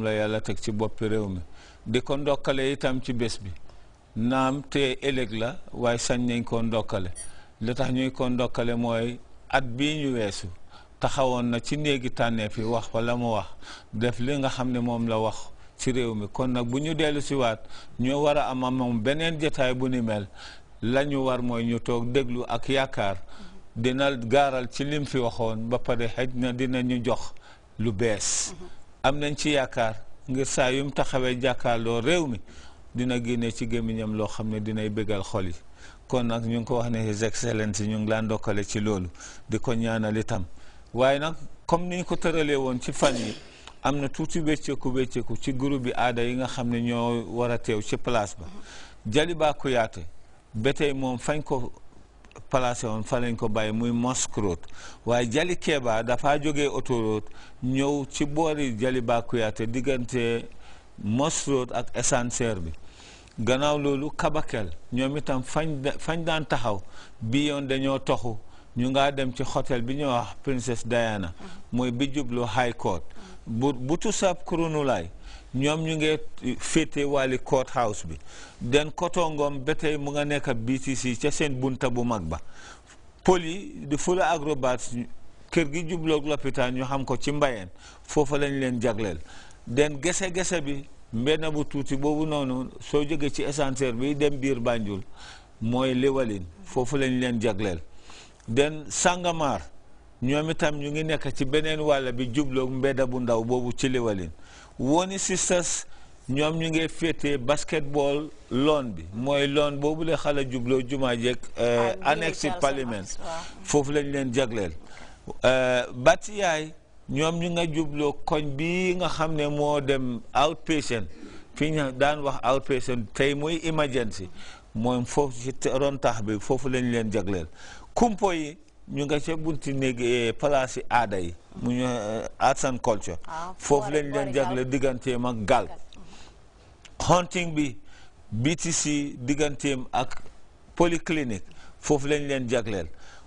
moom la yàlla teg ci boppi réew mi di ko ndokkale itam ci bés bi naam te ëllëg la waaye sañ nañ koo ndokkale li tax ñuy ko ndokkale mooy at bii ñu weesu taxawoon na ci néegi tànneef yi wax wala mu wax def li nga xam ne moom la wax ci réew mi kon nag bu ñu dellu si waat ñoo war a am moom beneen jetaay bu ni mel la war mooy ñu toog déglu ak yaakaar dina gaaral ci lim fi waxoon ba pare xëj na dina ñu jox lu bees am nañ ci yaakaar ngir saa yu mu taxawee jàkkaarloo réew mi dina génne ci gémmiñam loo xam ne dinay bégal xol yi kon nag ñu ngi ko wax ne His yi ñu ngi laa ndokkale ci loolu di ko ñaanal itam waaye nag comme niñ ko tëralee woon ci fan yi am na tuuti wécceeku wécceeku ci groupe bi aada yi nga xam ne ñoo war a teew ci place ba Jaliba Kuyate moom fañ ko placé woon fa lañ ko bàyyi muy Mosque Road waaye Jali Keba dafa jóge autoroute ñëw ci boori Jali Bakuyate diggante Mosque Road ak Essensaire bi gannaaw loolu Kabakel ñoom itam fañ fañ daan taxaw bi yoon dañoo toxu ñu nga dem ci hôtel bi ñuy wax Princess Diana uh-huh. mooy bi jublu High Court uh-huh. bu bu tusaab kurunulaay ñoom ñu ngi féete wàlli court house bi den kotongoom ba tey mu nga nekk BTC ca seen bunta bu mag ba pël yi di fula agrobats kër gi jublook lopitaan ñu xam ko ci mbayeen foofa lañ leen jagleel den gese-gese bi mbenn bu tuuti boobu noonu soo jógee ci ascenseur bi dem biir Banjul mooy liwalin foofu lañu leen jagleel den Sàngamaar ñoom itam ñu ngi nekk ci beneen wàll bi jubloog mbedda bu ndaw boobu ci liwalin woni sisters ñoom ñu ngi féetee basketball loon bi mooy loon boobu la xale jubloo jumaa jeeg ah, euh, annexe parlement foofu lañ leen jagleel euh, batiyaay ñoom ñu nga jubloo koñ bi nga xam ne moo dem outpatient fii ñu daan wax outpatient tey muy emergency mooy foofu ci ron tax bi foofu lañu leen jagleel kumpo yi ñu nga ca bunti néeg eh, palaas yi aada yi mu ñu eh, arts and culture ah, foofu leen leen jagle digganteem ak gaal hunting bi BTC digganteem ak polyclinique foofu lañ leen jagleel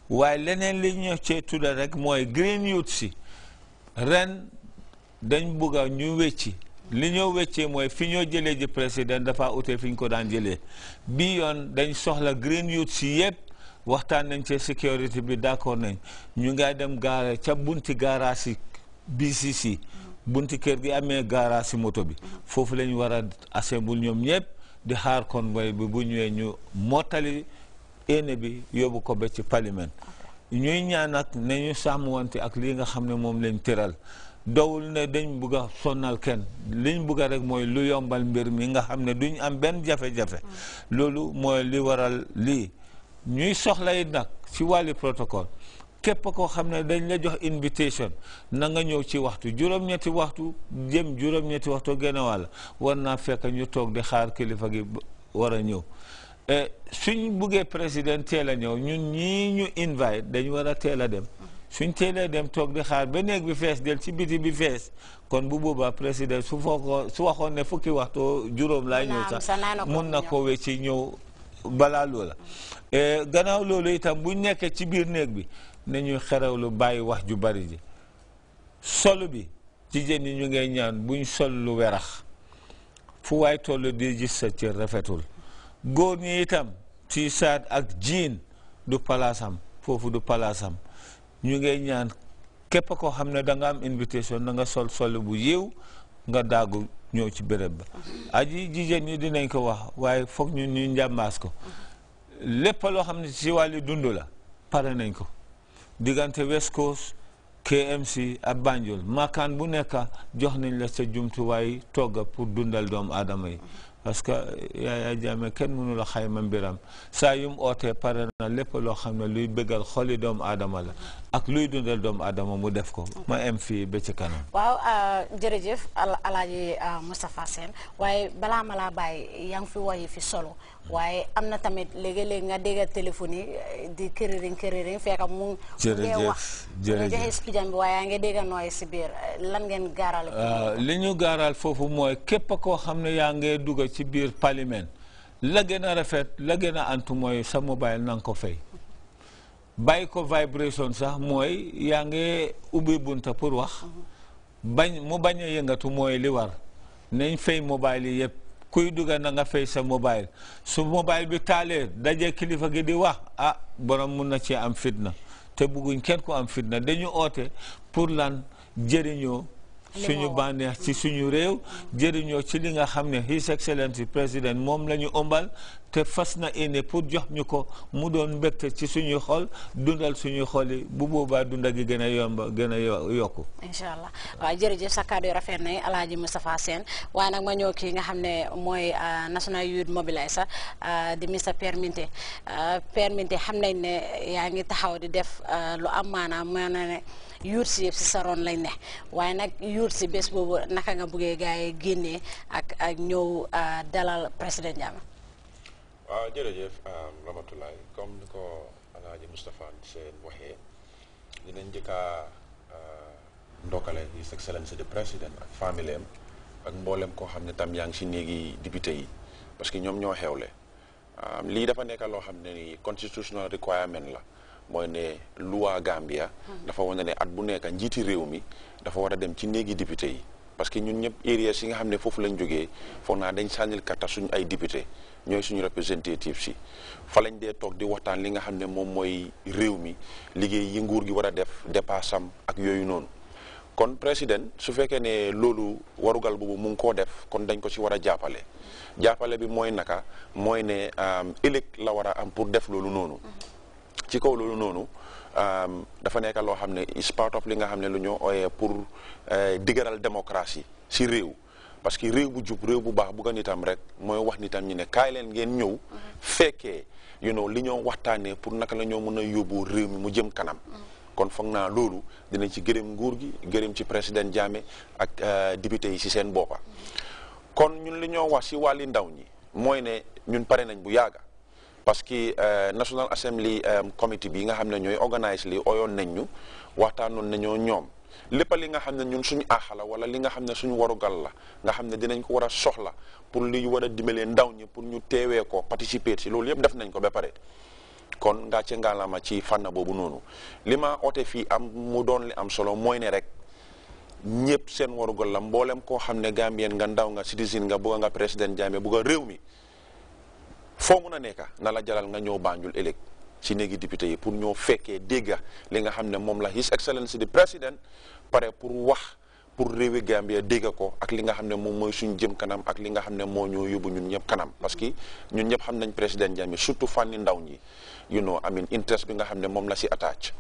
waaye leneen li ñu cee tudda rek mooy green youth si ren dañ bugg a ñu wecci li ñoo weccee mooy fi ñoo jëlee ji président dafa ute fi ñu ko daan jëlee bi yoon dañ soxla green youth si yëpp waxtaan nañ ci sécurité bi d'accord nañ ñu ngay dem gaara ca bunti gaara si BCC bunti kër gi amee gaara si moto bi foofu lañ war a assemble ñoom ñëpp di xaar convoy bi bu ñëwee ñu mottali éene bi yóbbu ko ba ci parlement ñuy ñaan nag nañu sàmmwante ak lii nga xam ne moom lañ tëral dowul ne dañ bugg a sonnal kenn liñ bugg a rek mooy lu yombal mbir mi nga xam ne duñ am benn jafe-jafe mm. loolu mooy li waral lii ñuy soxla yi nag ci wàllu protocole képp koo xam ne dañ la jox invitation na nga ñëw ci waxtu juróom-ñetti waxtu jëm juróom-ñetti waxtu genn wàll war naa fekk ñu toog di xaar kilifa gi war a ñëw eh, suñ buggee président teel a ñëw ñun ñii ñu invite dañ war a teel a dem suñ teelee dem toog di xaar ba néeg bi fees del ci biti bi fees kon bu boobaa président su foo ko su waxoon ne fukki waxtu juróom laay ñëw sax mun na ko ci ñëw balaa loola eh, gannaaw loolu itam bu nekkee ci biir néeg bi nañuy xerew lu bàyyi wax ju bari ji solu bi ci jigéen yi ñu ngay ñaan buñ sol lu werax fu waay toll di gis sa cër rafetul góor ñi itam ci saat ak jiin du palaasam foofu du palaasam ñu ngay ñaan képp koo xam ne danga nga am invitation na nga sol sol bu yiw nga daagu ñëw ci béréb ba aji jigéen ñi dinañ ko wax waaye foog ñu ñu njàmbaas ko lépp loo xam ne si wàllu dund la pare nañ ko diggante West Coast KMC ak Banjul maakaan bu nekk jox nañ la sa jumtuwaay togga pour dundal doomu aadama yi parce que Yaya Jammeh kenn mënu la xayma mbiram saa yum ootee pare na lépp loo xam ne luy bëggal xoli doomu aadama la ak luy dundal doomu aadama mu def ko ma em fii ba ci kanam waaw jërëjëf Alaaji Moustapha Sène waaye balaa ma laa bàyyi yaa ngi fi woyi fi solo waaye am na tamit léegi-léegi nga dégg téléphone yi eh, di këririn këririn fekk mu. jërëjëf jërëjëf mu expliqué bi waaye yaa ngi dégg nooy si biir lan ngeen gaaral. Euh, li ñu gaaral foofu mooy képp a koo xam ne yaa ngi dugg ci biir parlement la gën a rafet la gën a antu mooy sa mobile na ko fay. bàyyi ko vibration sax mooy yaa ngi ubbi bunta pour wax mhm. bañ mu bañ a yëngatu mooy li war nañ fay mobile yi yëpp kuy dugga na nga fay sa mobile su mobile bi taalee daje kilifa gi di wax ah borom mun na cee am fitna te bugguñ kenn ku am fitna dañu oote pour lan jëriñoo suñu bànneex ci suñu réew jëriñoo ci li nga xam ne His Excellency président moom lañu ñu te fas na yéene pour jox ñu ko mu doon mbégte ci suñuy xol dundal suñu xol yi bu boobaa dunda gi gën a yomba gën a yokku incha allah waaw jërëjëf sa kàddu yu rafet na alaaji Moustapha Sène waaye nag ma ñëw kii nga xam ne mooy euh, national youth mobiliser euh, di Mr Pierre Minté euh, Pierre Minté xam nañ ne yaa ngi taxaw di def lu am maanaam moo na ne yuut si yëpp sa roon lañ ne waaye nag yuut si bés boobu naka nga buggee gars yi génnee ak ak ñëw dalal président Jammeh waaw jërëjëf Ramatoulaye comme ni ko alaaji Moustapha Seen waxee dinañ njëkka ndokkale His Excellency the President ak famille am ak mboolem koo xam ne tam yaa ngi si néegi député yi parce que ñoom ñoo xewle lii dafa nekk loo xam ne nii constitutional requirement la mooy ne loi Gambia hmm. dafa wane ne at bu nekka njiiti réew mi dafa war a dem ci néegi député yi parce que ñun ñëpp areas yi nga xam ne foofu lañ jógee foog naa dañ sànnil karta suñu ay député ñooy suñu représentative si fa lañ dee toog di waxtaan li nga xam ne moom mooy réew mi liggéey yi nguur gi war a def dépassam ak yooyu noonu kon président su fekkee ne loolu warugal bu mu ngi koo def kon dañ ko si war a jàppale jàppale bi mooy naka mooy ne euh, ëllëg la war a am pour def loolu noonu ci kaw loolu noonu euh, dafa nekk loo xam ne is li nga xam ne lu ñoo ooyee pour euh, digëral démocratie si réew parce que réew bu jub réew bu baax bu nga nitam rek mooy wax nitam ñi ne kaay leen ngeen ñëw fekkee you li ñoo waxtaanee pour naka la ñoo mën a yóbbu réew mi mu jëm kanam kon foog naa loolu dinañ ci gërëm nguur gi gërëm ci président Jammeh ak euh, député yi si seen boppa kon ñun li ñoo wax si wàlli ndaw ñi mooy ne ñun pare nañ bu yàgga parce que euh, National Assembly euh, committee bi nga xam ne ñooy organise li oyoon nañ ñu waxtaan waxtaanoon nañoo ñoom lépp li nga xam ne ñun suñu aaxala wala li nga xam ne suñu warugal la nga xam ne dinañ ko war a soxla pour li war a dimbalee ndaw ñi pour ñu teewee ko participer si loolu yëpp def nañ ko ba pare. kon ngaa ce ngaalama ci fànn boobu noonu li ma oote fii am mu doon li am solo mooy ne rek ñëpp seen warugal la mboolem koo xam ne Gambien nga ndaw nga citizen nga bëgg nga président Jammeh bëgg réew mi. foo mun a na la jaral nga ñëw Banjul elek ci néegi député yi pour ñoo fekkee dégga li nga la his Excellency the President pare pour wax pour dega Gambia dégga ko ak li nga xam ne jëm kanam ak li nga xam ne ñoo ñun kanam parce que ñun ñëpp xam nañ président Jammeh surtout fànni ndaw ñi you know I mean interest bi nga xam la si attach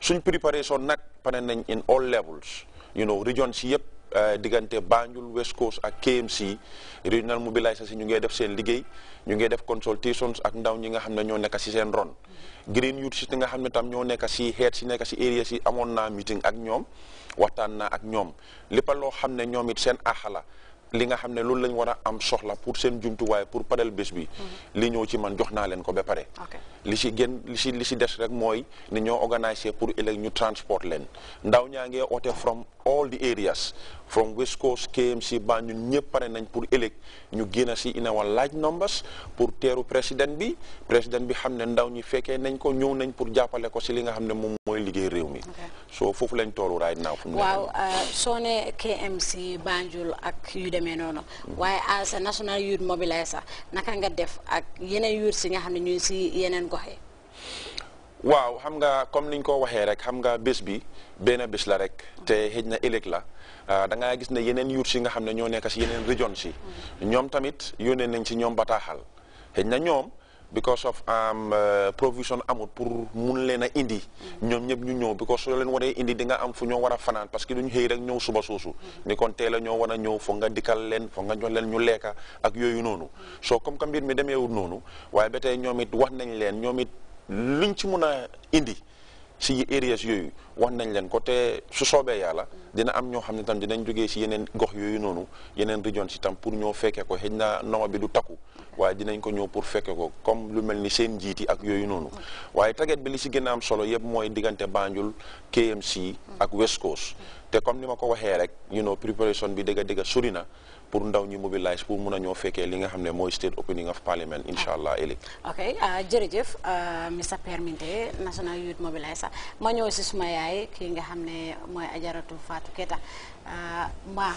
suñ préparation nak pare nañ in all levels you know region si Euh, diggante Banjul West Coast ak KMC regional mobilisation si ñu ngey def seen liggéey ñu ngey def consultations ak ndaw ñi nga xam ne ñoo nekk si seen ron Green Youth si nga xam ne tam ñoo nekk si head si nekk si area si amoon naa meeting ak ñoom waxtaan naa ak ñoom lépp loo xam ne ñoom it seen axala li nga xam ne loolu lañ war a am soxla pour seen jumtuwaay pour padal bés bi mhm. li ñëw ci man ko pare li si gën li si li si des rek mooy ni ñoo organiser pour ñu transport len ndaw ñaa ngee from all the areas from West Coast KMC ba ñun ñëpp pare nañ pour ëllëg ñu génn si large numbers pour teru président bi président bi xam ne ndaw ñi fekkee nañ ko ñëw nañ pour jàppale ko si li nga xam ne liggéey réew mi so foofu lañ toolu right now fu mu euh, nekk KMC Banjul ak demee noonu waaye as a national youth sax naka nga def ak yeneen youth si nga xam ne ñu si yeneen gox waaw xam nga comme niñ ko waxee rek xam nga bés bi benn bés la rek te xëj na ëllëg la ah, da ngaa gis ne yeneen youth si nga xam ne ñoo nekk si yeneen région si mm-hmm. ñoom tamit yónnee nañ si ñoom bataaxal xëj na ñoom because of um, uh, provision amul pour mun leen a indi ñoom ñëpp ñu ñëw because soo leen waree indi di nga am fu ñoo war a fanaan parce que duñu xëy rek ñëw suba soosu ni kon teel a ñoo war a ñëw foo nga dikkal leen foo nga jox leen ñu lekka ak yooyu noonu soo comme que mbir mi demeewul noonu waaye ba tey ñoom it wax nañ leen ñoom it luñ ci mun a indi si areas yooyu wax nañ leen ko te su soobee yàlla dina am ñoo xam ne tam dinañ jógee si yeneen gox yooyu noonu yeneen région si tam pour ñoo fekkee ko xëj na noma bi du takku waaye dinañ ko ñëw pour fekkee ko comme lu mel ni seen njiit ak yooyu noonu waaye taget bi li si gën a am solo yëpp mooy diggante Banjul KMC ak West Coast te ni ma ko waxee rek you know préparation bi dëgg dëgg sori na pour ndaw ñu mobilise pour mun a ñoo fekkee li nga xam ne mooy state opening of parliament incha allah ëllëg ok ah, jërëjëf ah, Mr Perminte national youth mobiliser ma ñëw si suma yaay kii nga xam ne mooy ajaratu Fatou Keta ah, ma